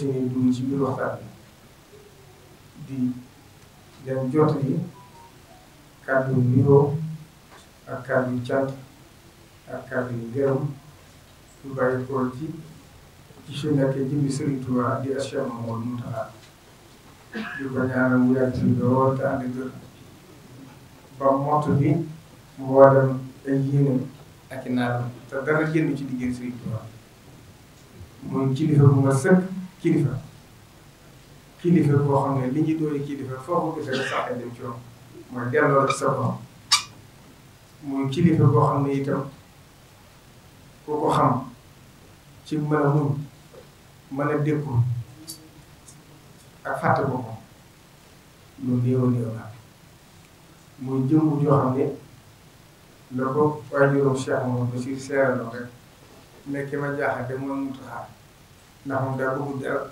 fas yéene dund ci biir waxtaan di leen jottali kàddu nuyoo ak kàddu cant ak kàddu ngërëm yu bàyyi ko ci ci su nekkee jëmbi Sëriñ Tuubaa di Cheikh Mouhamadou di ko ñaanal mu yàgg ci lool te ànd ba mottu bi mboolem ay yéenam ak i naatam te dara génn ci liggéey Sëriñ Tuubaa muy kilifa bu nga sëkk kilifa kilifa boo xam ne li ñu doon kilifa foo ko gisee sax dem ci mooy delloo la sa borom mooy kilifa boo xam ne itam ku ko xam ci mën a mun mën a dékku ak fàtte boppam lu néew néew la muy jëmbu joo xam ne la ko waajuram Cheikh moom ba si seeraloo rek nekk ma jaaxal te moom mu taxaar ndax moom daa bëggul dara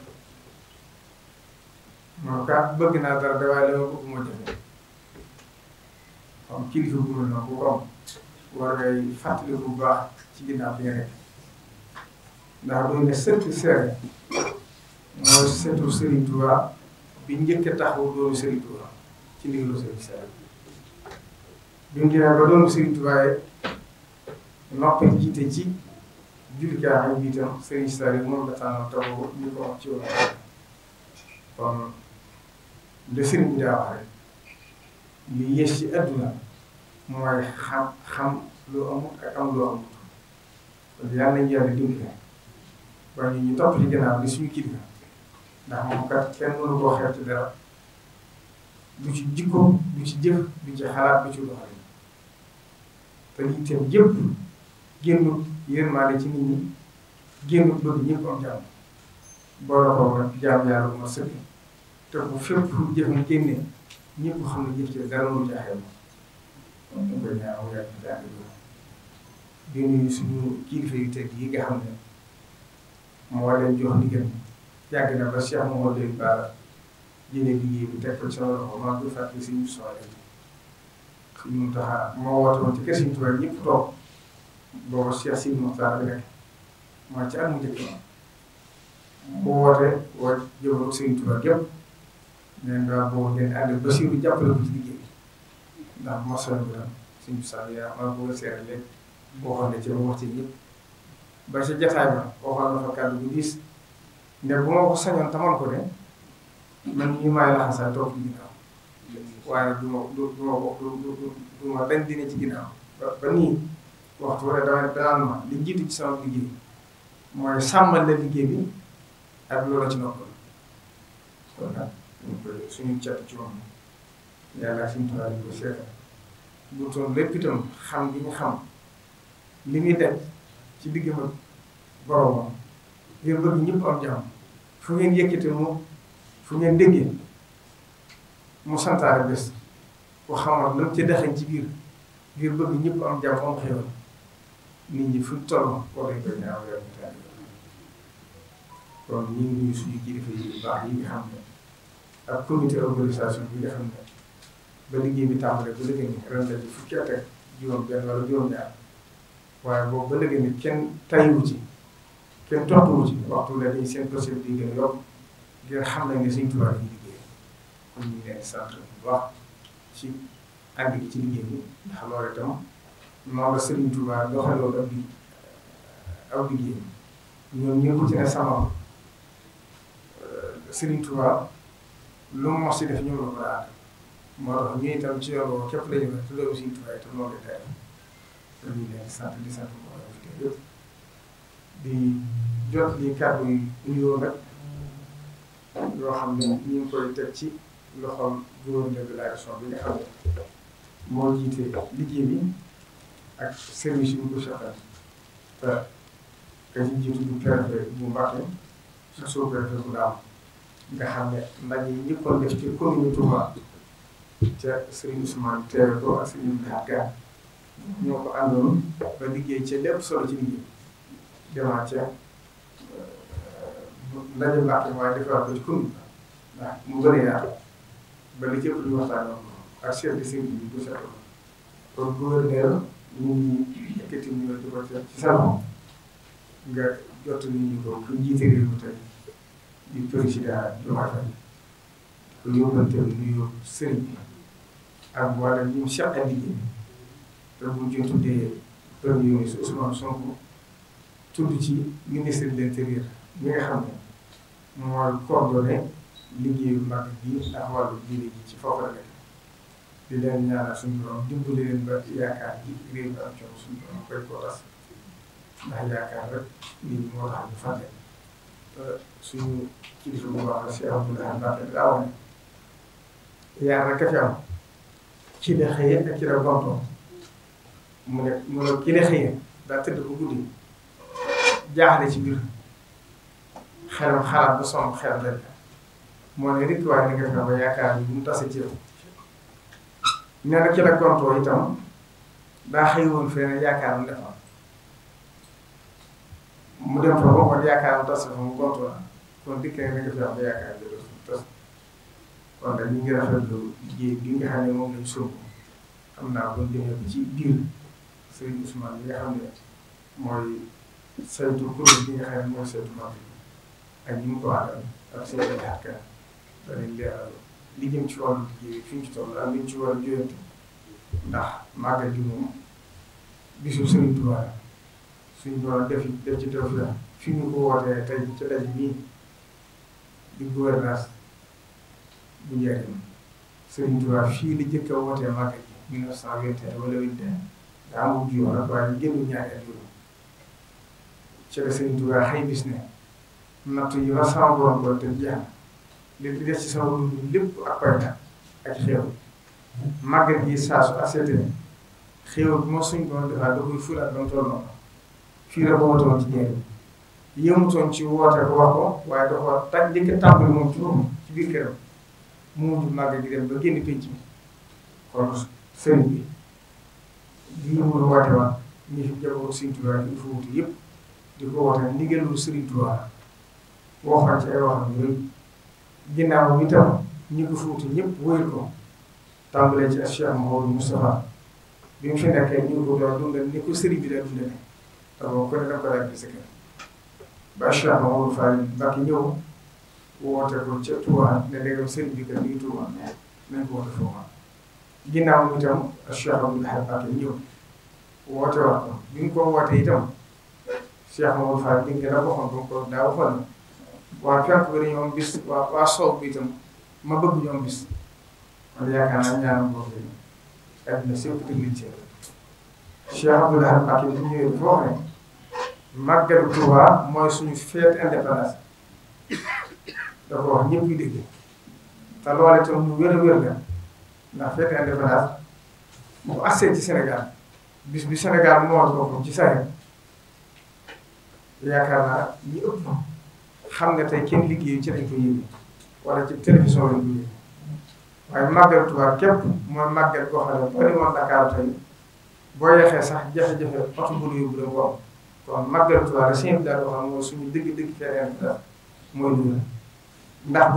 moom kaa bëgg naa dara da waaye la ma bëgg moo jafe xam kilifa bu mel noonu bu am war ngay fàttali baax ci ginnaaw bi nga nekk ndax bu ne seere mooy sëtu Serigne Touba bi njëkk a taxawu doomu Serigne Touba ci ndigalu bi mu demee ba doomu Serigne jiite ci jur gi ànd ak jiitam Serigne Sary moom la tànn taw ñu ko wax ci woon kon de Serigne bi daa wax rek li yées ci adduna mooy xam xam lu amul ak am lu amul kon yàlla nañu yàlla dimbali waaye ñu topp ci gànnaaw li suñu kilifa ndax moom kat kenn mënu koo xeet dara du ci jikko du ci jëf du ci xalaat du ci doxalin te lii itam yëpp génnut yërmaale ci nit ñi génn bëgg ñëpp am jàmm boole jaam yàlla bu ma sëkk te bu fépp jëf mu génnee ñëpp xam jëf ci dara mu jaaxee ma ñu koy ñaaw yàlla ci jaaxee kilifa yi ga xam ne moo leen jox ndigal yàgg na ba Cheikh Mouhamadou Lamine Bara jëlee liggéey bi teg ko ci sama loxo maa ngi koy fàttali si ñu soxla moo woote woon ci kër si ñu tubaab ñëpp toog booba Cheikh Sidi Mokhtar bi rek mooy ci at mu njëkk bu wootee waa jëbaru Serigne Touba gépp ba Serigne jàppale ko ci bi tam suñu sànni yaa ma bëgg a seeral lépp waxoon ci ba ba sa jataay ba waxoon na fa kàddu bu diis ne bu ma ko sañoon tamal ko ne man ñu may laxasaa toog ci ginnaaw waaye du ma du ma du ma dañ dina ba nii waxtu wala dama danaan ma li jiitu ci sama liggéey mooy sàmmal la liggéey bi ak loola ci noppal kon suñu cat ci moom yàlla suñu tubaab yi ko seetal bu lépp itam xam gi ñu xam li muy def ci diggam ak boromam ngeen bëgg mu santaare bés ku xamoon lam ci dexañ ci biir ngir bëgg ñëpp am jàmm am xéwal nit ñi fu toll war nañ ko ñaaw yow ñu teel kon ñu ngi suñu kilifa yi baax yi nga xam ne ak comité organisation bi nga xam ne ba liggéey bi tàmbalee ba léegi nii ren la di fukki at juróom-benn wala waaye boobu ba léegi nii kenn tayiwu ci kenn toppwu ci waxtu la dañuy seen procédure bi gën a yokk xam nañ ne suñ tubaab yi liggéey kon ñu ngi leen sant bu ci ànd ci liggéey bi ndax loolu itam. moom la Serigne Touba doxaloon ab bi ab liggéeyam ñoom ñëpp ci ne sama euh, Serigne lu mu si def ñoom la ko daan moo la ñu te loolu Serigne Touba itam moo ngi teel te di jot li kàddu yi nuyoo nag yoo xam ne ñu koy teg ci loxoom juróom-ñi de bi nga xam moo jiite liggéey bi. ak service yu ko seqal te ka ñu jiitu bu préfet bu Mbacké sa sous préfet nga xam ndaje yi ñëppoon def ci commune Touba ca Serigne Ousmane teewe ko ak Serigne Mbacké ñoo ko àndoon ba liggéey ca lépp solo ci liggéey euh, ndaje Mbacké waaye defal ko ci commune ndax mu gën a yaatu ba li cëpp lu waxtaan ak chef de service bi bu seqal ñu yëkkati ñu la di ko teg ci sa loxo nga jot nañu ko ku jiite réew mi tey di président Diomaye Faye ko yóbbanteel nuyu sëriñ bi ak wala ñu seq ak liggéey te bu ñu tuddee premier ministre Ousmane Sonko tudd ci ministre de l'intérieur mi nga xam ne mooy coordonné liggéeyu mag bi ndax wàllu diine ji ci foofu la di leen ñaanal suñu borom dimbali leen yaakaar ji réew mi am coono suñu koo tas ndax yaakaar rek nit moo tax ñu fàtte rek a fi am ci la xëyee ak ci la gontoon mu ne mu ne ki la xëyee daa tëdd ba guddi jaaxle ci biir xelam xalaat bu somb xel rek moo ne nit waaye ni nga fexe ba yaakaar bi bu mu tase ci yow nee na ki la gontoo itam daa xëy woon feneen yaakaaram defal mu dem fa bokkoon yaakaaram tas fa mu gontoo la kon dikk na nga fi am yaakaar bi dootul tas kon nag ñu ngi rafetlu liggéey bi nga xam ne moom lañ sóobu xam naa bu ñu demee ci biir Serigne Ousmane bi nga xam ne mooy saytu kuréel bi nga xam ne mooy saytu mag bi ak ñi mu ko àndal ak seen i xarka danañ leeral li jëm ci wàllu liggéey fi ñu ci toll ak li ñu ci war a jooyante ndax màggal gi moom bisu Sëriñ Tuubaa suñu doon def def ci def la fi ñu ko wootee tey ci daj bii di gouvernance bu njëriñ Sëriñ Tuubaa fii la jëkk a wootee màggal gi 1921 wala 21 daa amul jiw nag waaye ñu génn ñaari at yooyu ci la Sëriñ Tuubaa xëy bis ne natt yi ma sama borom ko te jeex na li di def ci sama wóor lépp ak koy na ak xéewal màggal gi saa su accepté ne xéewal suñ ko doon defal da koy ful ak doon toll noonu fii la wootoon ci njëriñ yëmutoon wax ko njëkk tàmbali moom ci ci biir këram mu mujj màggal gi dem ba génn penc mi kon sëriñ bi lii mun a woote waat ñu fi jagoo Sëriñ Tuubaa ñu fa wuti yëpp di ko ci ay waxam yooyu ginnaaw bi tam ñi ko fuuti ñëpp wóyul ko tàmbalee ci Cheikh Mouhamadou Moustapha bi mu fi nekkee ñu ko doon dundal ni ko sëriñ bi daa dundale te boo ko ne da ko daal di sa kër ba Cheikh Mouhamadou Fall Mbacké ñëw woote ko ca Touba ne léegi sëriñ bi kat bi tam Cheikh Abdoul Ahad Mbacké ñëw ko bi mu ko wootee itam Cheikh Mouhamadou Fall bi nga la waxoon ko waa fenk bi ñoom bis waa waa soow bi itam ma bëgg ñoom bis man yaakaar naa ñaanam boobu lañu adduna sépp tëgg nañ ci Cheikh Abdoul Ahad Mbacké bi ñëwee bu wax ne màggalu Tuubaa mooy suñu fête indépendance da ko wax ñëpp ñu dégg te loole itam mu wér a wér la ndax fête indépendance bu assee ci Sénégal bis bi Sénégal moo boppam ci saa yaakaar naa ñu xam nga tey kenn liggéeyu ci lañ ko yëngu wala ci télévision lañ ko yëngu waaye màggal Tuubaa képp mooy màggal goo xam ne boo demoon boo yeexee sax jafe-jafe oto bu nu yóbbu la ndax bu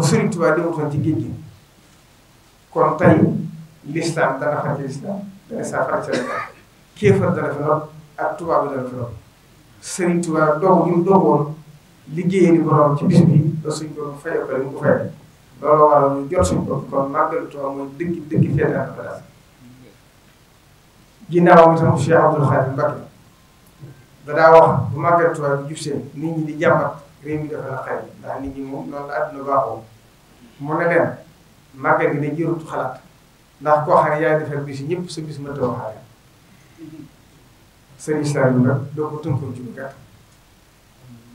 Sëriñ Tuubaa demutoon ci géej gi kon tey lislaam dana fa ci lislaam dana saa fa ci lislaam dana fi lool ak tubaab dana fi lool Sëriñ Tuubaa doog ñu doogoon liggéeyee ni borom ci bis bi ba suñ ko fayoo ko mu ko fayal looloo waral ñu jot suñ bopp kon màggalu Tuubaa mooy dëkk dëkk feete ak badaal bu màggalu bi dafa la xëy ndax nit ñi moom noonu la àdduna baaxoo mu ne leen màggal gi day jërut xalaat ndax koo xam ne yaay defal bis ñëpp sa bis mënta waxaale sëriñ Saliou nag doo ko tënkoon ci gàtt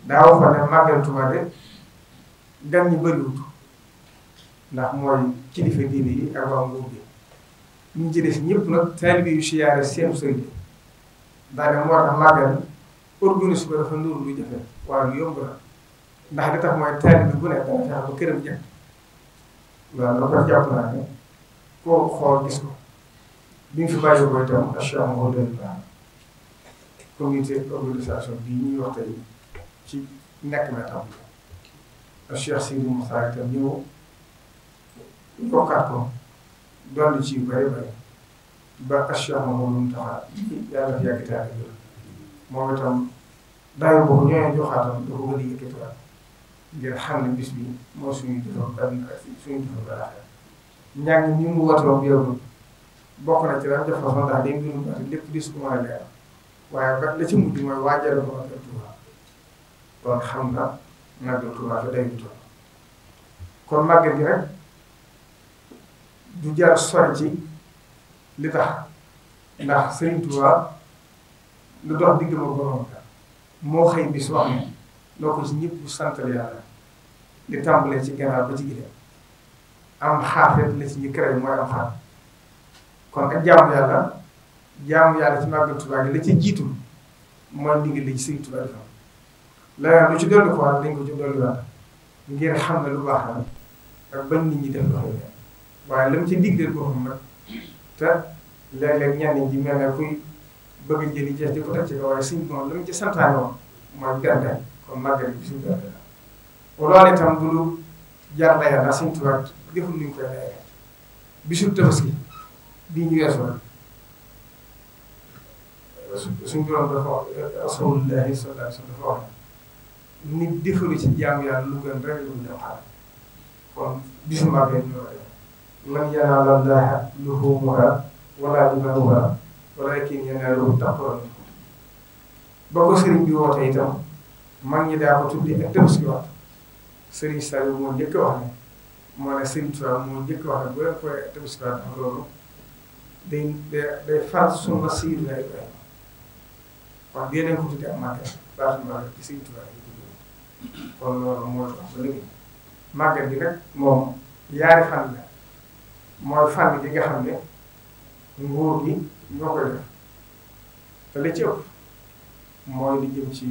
daa waxoon ne màggal Tuubaa de gan ñi bëriwut ndax mooy kilifa diine yi ak waa gi ñu ci des ñëpp nag taalibe yu siyaare seen daa dem war na màggal organise ko dafa nuru lu jafe waaye lu yomb la ndax li tax mooy taalibe bu nekk dana fexe ba këram jàpp loolu la ko jàpp naa ne koo xool gis ko bi ñu fi bàyyi ko itam association comité organisation bi ñuy wax tey ci nekk na tam Cheikh Sidi Moussa itam ñëw yokkaat ko doon ci yu bëri bëri ba Cheikh Mamadou Moustapha yàlla fi yàgg taal moom itam daaw boobu ñoo ñu joxaatam dafa gën a yëkkatiwaat ngir xam ne bis bi moo suñu defoon àdduna ak suñu defoon àllaaxira ñàng ñu mu wootoo yow bokk na ci daal jox ko ndax day mbirum lépp dis ko mën a leer waaye ba la ci mujj mooy waajal ko ak Tuubaa kon xam na màggal Tuubaa fa day toll kon màggal gi nag du jar sori ci li tax ndax Sëriñ Tuubaa lu dox digg ma borom moo xëy bis wax ne loo ko ci ñëpp santal yàlla li tàmbalee ci gannaaw ba ci gileem am xaafet la ci ñu mooy am xaar kon ak jaamu yàlla jaamu yàlla ci màggal Tuubaa gi la ci jiitu mooy ndigal li ci Sëriñ Tuubaa defam la lu ci dolli ko wax dañ ko ci dolli waat ngir xam ne lu baax la ak ban nit ñi def doxali waaye lam ci digdeel boo xam nag te léeg-léeg ñenn ji mel ne kuy bëgg a jëli jeex di ko teg ci kaw waaye suñ moom la mu ci santaane woon mooy gàddaay kon màggal bi suñu gàddaay la loolu itam bu lu jar la yàlla suñ tubaab deful ni ñu koy layee bisu tabaski bi ñu weesu la suñ borom dafa wax rasulullahi sallallahu alayhi wa sallam dafa wax nit defalu ci jaamu yàlla lu gën rek lu dem xaar kon bisimilah benn yoo man yanaalu llaaha luhuumuhaa wala dimaahuhaa walaakin yanaaluhu taqwaa ba ko sëriñ bi woote itam mag ñi daa ko tudde ak tabaski waxtu sëriñ Saliou moo njëkk wax ne moo ne sëriñ Tuubaa moo njëkk wax ne bu leen koy tabaski waxtu loolu day day day faat sunna Seydina Ibrahima wax dee ko tudde am màggal baatu màggal ci sëriñ Tuubaa kon loolu moo tax ba léegi gi nag moom yaari fan la mooy gi nga xam ne nguur gi ñoo koy def te li ci ëpp ndox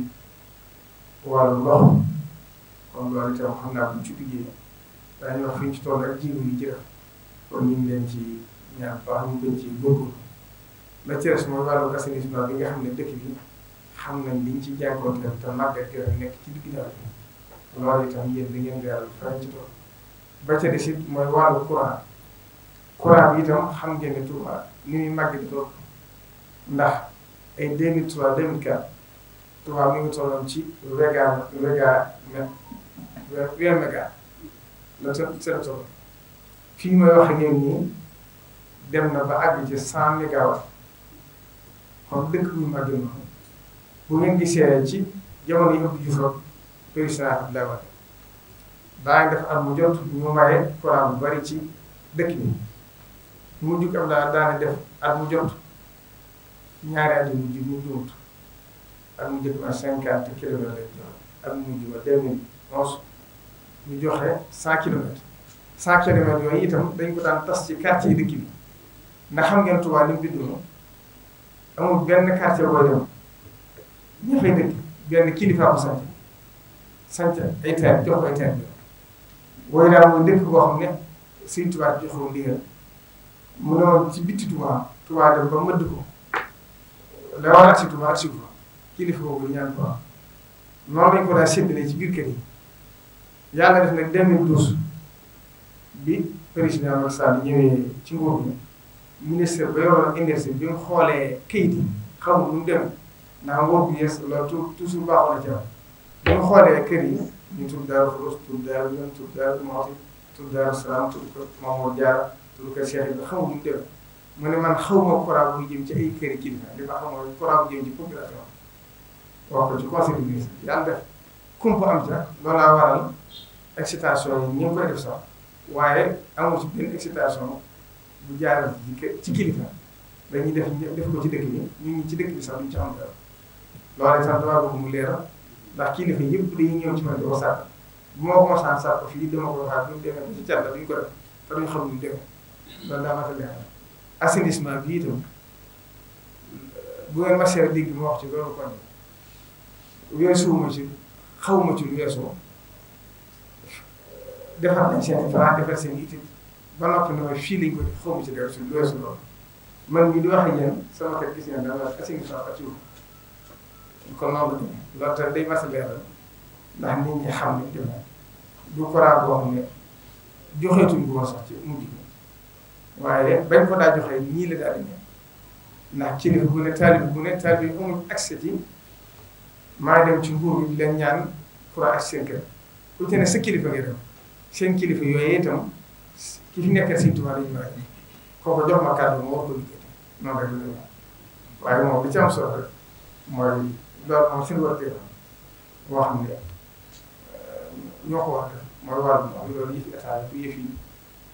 kon loolu itam xam naa bu ñu ci duggee daañu wax fi ñu ci toll ak jiw yi ci def kon ñu ngi leen ci ñaan baax ñu gën ci góorgóorlu la ci des mooy wàllu nga xam ne dëkk bi. xam nañ liñ ci jànkuwanteel te màggat gi rek nekk ci digg nawet bi loolu itam yéen da ngeen di yàlla faral ci tool ba ca des it mooy wàllu bi itam xam ngeen ne Touba ni muy màgg di toog ndax ay 2003 2004 Touba mi ngi tolloon ci méga méga weer méga la ca ca toll fii may wax ak yéen dem na ba àgg ci 100 mégawatt kon dëkk bu màgg noonu. bu ngeen gisee ci jamono yi Abdou Diouf ak président Abdoulaye Wade daa ngi def at mu jot mu maye courant bari ci dëkk bi mu jug am daa daane def at mu jot ñaari at yu mujj mu jumut at mu jëkk ma cinquante kilomètres lañ joxe at mu mujj ma deux mille ñu joxe cent kilomètres cent kilomètres itam dañ ko daan tas ci quartier yi dëkk bi ndax xam ngeen Tuubaa li mu bindoo amul benn quartier booy dem ñoo fay dëkk benn kilifa bu sant sant ay teen jox ko ay teen wooy naa mooy dëkk boo xam ne Sëriñ Tuubaa jox ko ndigal mu ne woon ci bitti Tuubaa Tuubaa dem ba mëdd ko la war a si Tuubaa ak si ko kilifa boobu ñaan ko am noonu lañ ko daa séddale ci biir kër yi yàlla def nag 2012 bi président Macky Sall ñëwee ci nguur bi ministre ba yoroon indépendance bi mu xoolee kayit yi xamul nu mu ndax nguur gi yees la toujours baaxoon na ci am bu ñu xoolee kër yi ñu tudd Daaru Xudoos tudd Daaru Minaam tudd Daaru Muxti tudd Daaru Salaam tudd ko Mamour Diarra tudd ko Cheikh Ibrahima xaw mu def mu ne man xaw ma courant buy jëm ci ay kër yi kilifa li ma xam mooy courant bu jëm ci population wax ko ci conseil bi yàlla kumpa am ca loolaa waral excitation yi ñu ngi koy def sax waaye amul ci benn excitation bu jaaral ci kilifa dañuy def def ko ci dëkk bi ñu ngi ci dëkk bi sax loolu sax damaa bëgg mu leeral ndax kilifa yëpp dañuy ñëw ci man di ko sàkk bu ma ko mosaan sàkk fii dama ko waxaat ñu demee ci càll duñ ko bu ngeen ma wax ci loolu kon weesuwuma ci xawma ci lu weesoo defar nañ i plan defar seen itam ba noppi ne ci dara ci lu weesu man mii di wax ak sama kër gis ngeen daal assainissement Fatou kon noonu la demee loolu tamit day masa ndax nit ñi xam ne demee du courant boo xam ne joxeetuñ ko sax ci mujj waaye bañ ko daa joxee ñii la daa demee ndax kilifa bu ne taalib bu ne taalib bi amul accès ci maa dem ci nguur gi ñaan ku ci ne kilifa ngay dem seen kilifa yooyu itam ki fi nekkal Sëriñ Tuubaa dañu laaj kooku jox ma kàddu ma ko liggéey noonu rek la waaye moom li ci am solo rek mooy. loolu moom suñu wàllu boo xam ne euh, ñoo ko wax mooy wàllum am loolu yëfi état bi du yëfi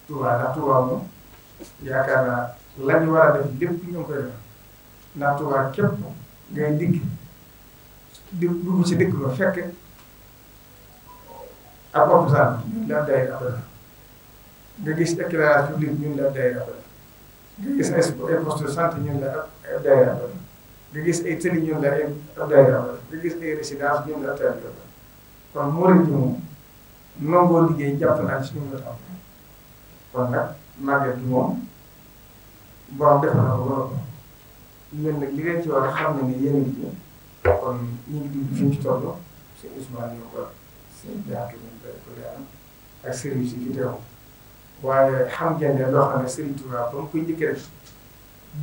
Touba ndax Touba moom yaakaar naa la ñu war a def lépp ñu ngi koy def ndax Touba képp ngay dikk di dugg ci dëkk ba fekk ab hôpital ñun la day appel nga gis éclairage public ñun la day appel nga gis ay poste de santé ñun la day appel nga gis ay tëli ñun la ab daayira nga gis ay résidence ñun la ab daayira kon murid bi moom nangoo liggéey jàpp naa ci ñun la am kon nag màgget bi moom borom def na ko war a ko ñun nag li ngeen ci war a xam ne ni yéen a ngi ci kon ñu ngi dugg fi ñu ci toll seen Ousmane ñoo ko seen jaatu ñun ko yaram ak sëriñ si fi teew waaye xam ngeen ne loo xam ne Sëriñ Tuubaa ba mu koy njëkk rek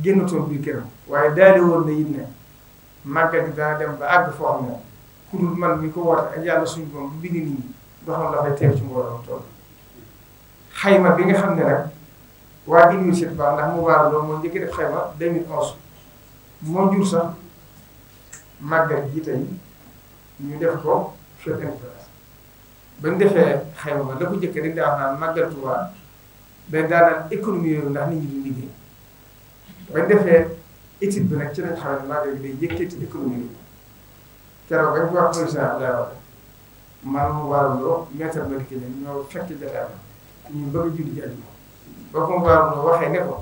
génnatoon biir këram waaye daale woon na it ne màggal gi dem ba àgg foo xam ne ku dul man mi ko woote ak yàlla suñu borom bu bind nii doxam dafay teew ci mbooloo tool xam ne nag waa université ba ndax mu waar loolu moo njëkk def xayma 2011 moo jur sax màggal gi tey ñu def ko fête indépendance ba ñu defee xayma ba la ko njëkk dañ daa wax naan màggal Tuubaa day économie yooyu ndax nit ñi duñ liggéey ba defee étude bi nag ci lañ xam ne magal gi day yëkkati économie bi keroog bañ ko wax président Abdoulaye Wade man mu waaruloo maître Madické Niang ñoo fekk jotaay ba ñu bëgg a julli ji ko mu waaruloo waxee ne ko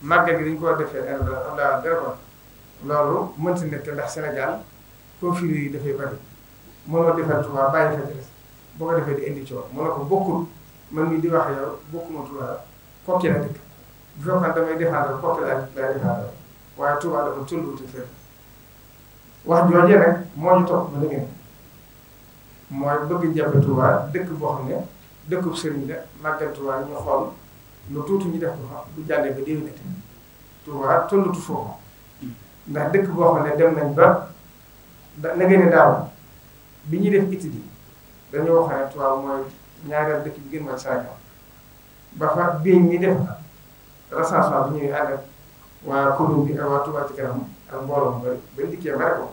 magal gi dañ ko defee ren la dara loolu mënti te ndax Sénégal confiné yi dafay bari mënoo defal Touba bàyyi fa des boo ko defee di indi coow mënoo ko bokkul man mii di wax yow bokkuma Touba kokki la dëkk bu fekkoon damay défendre kooku laay laay défendre waaye Touba dafa tolluwuti fenn wax jooju rek moo ñu topp ba léegi mooy bëgg jàppe Touba dëkk boo xam ne dëkkub sëriñ la màggal Touba ñu xool lu tuuti ñu def ko fa bu jàllee ba déwénati Touba tollutu foofu ndax dëkk boo xam ne dem nañ ba da na ngeen daaw bi ñuy def étude yi dañoo wax ne Touba mooy ñaareel dëkk bi gën mooy Sénégal ba fa biiñ ñi def. recensement bi ñuy ànd ak waa bi ak waa Touba ci ak mbooloo mu bëri dikkee ma ko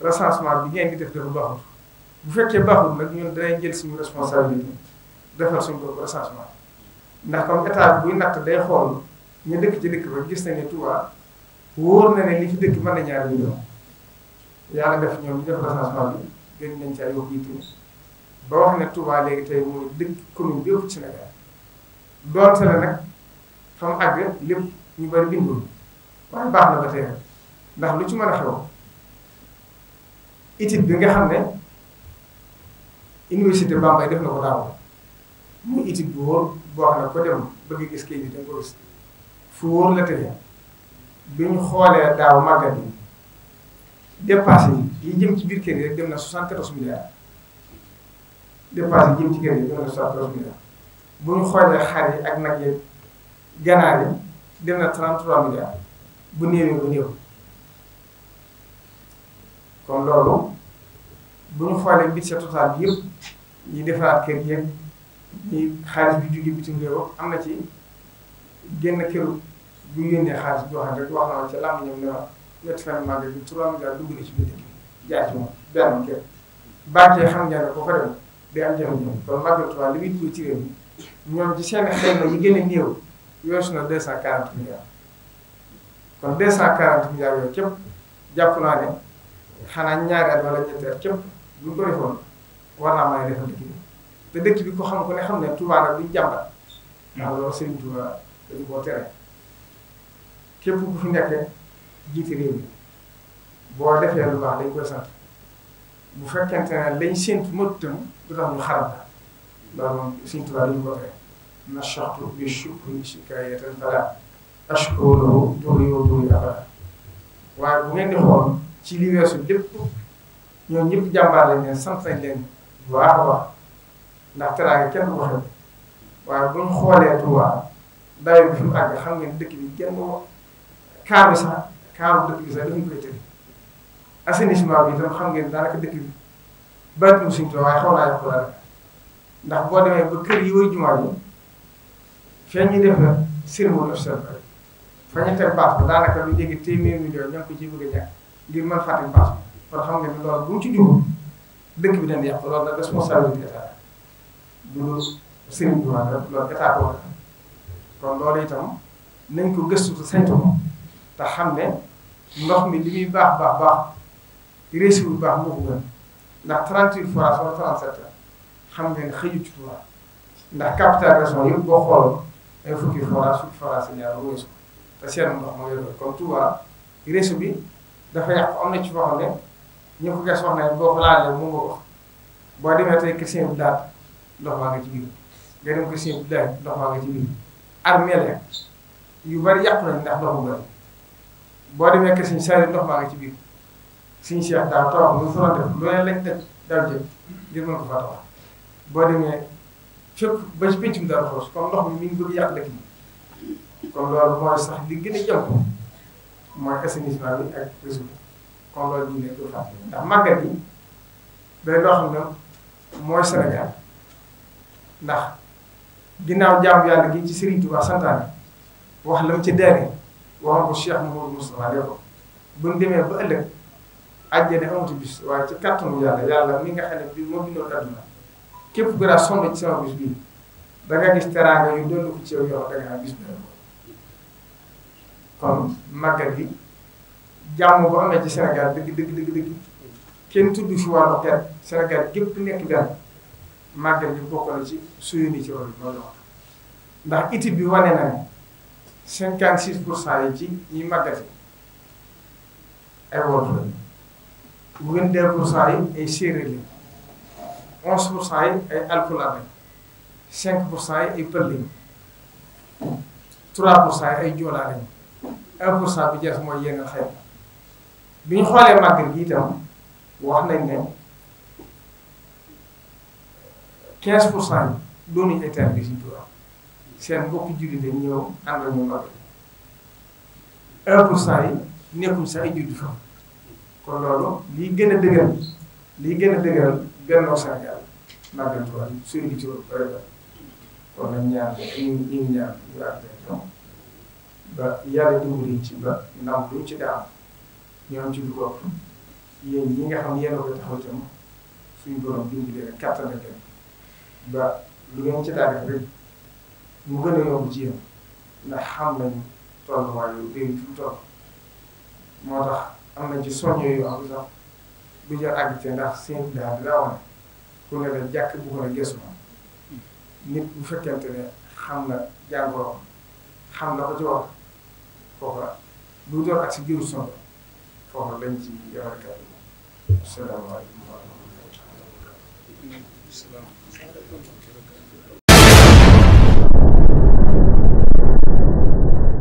recensement bi ngeen di def dafa baaxul bu fekkee baaxul nag ñun danañ jël suñu responsabilité defal suñu bopp ndax comme état buy natt day xool ñu dëkk ci dëkk ba gis na ne Touba wóor na ne li ci dëkk mën na ñaari million yàlla def ñoom ñu def bi gën nañ ci ay yóbbu yitte ba wax ne Touba léegi tey mooy dëkk commune bi yëpp ci Sénégal doonte la fa mu àgg lépp ñu bari bindoo waaye baax na ba tey ndax lu ci mën a xew étude bi nga xam ne université Bambey def na ko daaw muy étude bu wóor boo xam ne ko dem bëgg gis kay bi da fu wóor la tëjee bi ñu xoolee daaw màggal yi dépassé yi jëm ci biir kër yi dem na 74 milliards dépassé yi jëm ci kër yi dem na 74 milliards bu ñu xoolee xar yi ak nag yi. ganaar yi dem na 33 milliards bu néewee bu néew kon loolu bu ñu xoolee budget total bi yëpp ñi defaraat kër yëpp ñi xaalis bi jóge bitim réew am na ci génn kër bu yónnee xaalis bi wax rek wax na ma ca làmb ñoom ne ma ñetti fan màggal bi 3 milliards dugg na ci biir dëkk bi jaay ci moom benn kër bànkee xam ngeen ne ko fa dem day am jafe-jafe kon màggal Tuubaa li muy tuuti ci réew mi ñoom ci seen xel na yi gën a néew weesu na deux cent quarante milliards kon deux cent quarante milliards yooyu képp jàpp naa ne xanaa ñaari at wala ñetti at ko defoon war naa mën a defal dëkk bi te dëkk ko xam ko ne xam ne Touba nag duñ jàmbat ndax loolu Serigne Touba dañu koo tere képp ku fi nekk jiite réew mi boo defee lu baax dañ koy sant bu fekkente ne lañ séntu mot tam du tax ñu xaram la loolu moom Serigne Touba dañu ko tere نشأت بالشكر شكاية فلا أشكره دوري ودوري أبدا waaye bu ngeen di xool ci li weesu lépp ñoo ñëpp jàmbaar lañ leen sant nañ leen bu baax a baax ndax teraanga kenn du waxee waaye buñ xoolee Touba dayo bi fi mu àgg xam ngeen dëkk bi genn kaaru sax kaaru dëkk bi sax dañu koy tëri assainissement bi itam xam ngeen daanaka dëkk baatum suñ to waaye xaw naa yokk daal ndax boo demee ba kër yi jumaa yi fee ñu def na cérémonie observatoire fa ñu teg bâche ba daanaka lu jege téeméer million ñoo ngi ko ci bëgg a ñàkk ngir mën fàtte bâche kon xam nga ni loolu bu mu ci jublu dëkk bi dañ yàq loolu nag responsabilité état bu loolu sëriñ bi waaw loolu état ko war kon loolu itam nañ ko gëstu te saytu ko te xam ne ndox mi li muy baax baax baax réussi bu baax moo ko gën ndax 38 forages wala 37 xam nga ne xëyut ci Tuuba ndax capital région yëpp boo xooloon. ay fukki forage fukki forage yi ñaar weesu te seen ndox moo yor kon Touba réseau bi dafa yàqu am na ci ne ñu ko gas wax ne boo ko laajee mu nga wax boo demee tey kese bu daal ndox maa nga ci biir nga dem bu daal ndox maa nga ci biir armeel yu bari yàqu nañ ndax ndox mu bari boo demee kese ñu saa ndox maa nga ci biir suñu Cheikh daaw taw mu ngi faral def lu leen lañ def daaw jëm mën ko fa taxaw boo demee. fépp ba ci pénc bi daal xoos kon ndox mi mi ngi bëgg yàq dëkk bi kon loolu mooy sax li gën a jàpp mooy assainissement bi ak réseau bi kon loolu ñu ne ko fàtte ndax màggat yi day loo xam ne mooy Sénégal ndax ginnaaw jaamu yàlla gi ci Serigne Touba santaane wax la mu ci deere waxoon ko Cheikh Mouhamadou Moustapha ne ko bu ñu demee ba ëllëg àjjana amatu bis waaye ci kàttanu yàlla yàlla mi nga xam ne bi moo bindoon adduna képp ku daa sonn ci sama bis bii da nga gis teraanga yu ci yow yoo da nga gis ne kon màggal gi jàmm bu ci Sénégal dëgg dëgg dëgg dëgg kenn tudd fi wàllu ter Sénégal gépp nekk benn màggal gi bokk ci suñu ni ci wàllu ndax étude bi wane na ne cinquante six pour cent yi ci ñi màggal ay wolof la vingt deux yi ay séeréer la onze pour cent yi ay alpulaar lañ cinq pour cent yi ay pël lañ trois pour cent yi ay joolaa lañ un pour cent bi jeex mooy yeneen xeet bi ñu xoolee màggal gi itam wax nañ ne quinze pour cent yi doonuñu état bi si Tuubaa seen bokk jullit dañ ñëw ànd ñu màggal un pour cent yi nekkuñ sax ay jullit fa kon loolu liy gën a dëgëral liy gën a benn Sénégal màggal ko ak suñu ci woon bëri na kon nag ñaar ñu ñu ñaar ñu ànd ak ñoom ba yàlla dimbali ci ba ndam luñ ci daa ñoom ci lu ko ëpp yéen ñi nga xam yéen a ko taxaw itam suñu borom dimbali rek kàttan ak ba lu ngeen ci daa def rek mu gën a yomb ci yéen ndax xam nañu tolluwaay yu bëri fi mu toll moo tax am na ci soññoo yu am sax. du jar àgg ci ndax seen daa dinaa wane ku ne la bu ko ne gëstu nit bu fekkente ne xam na jàngoro xam na ko ci wax foofu la du doon ak si biiru sonn foofu lañ ci yore kàddu gi. salaamaaleykum wa rahmatulah.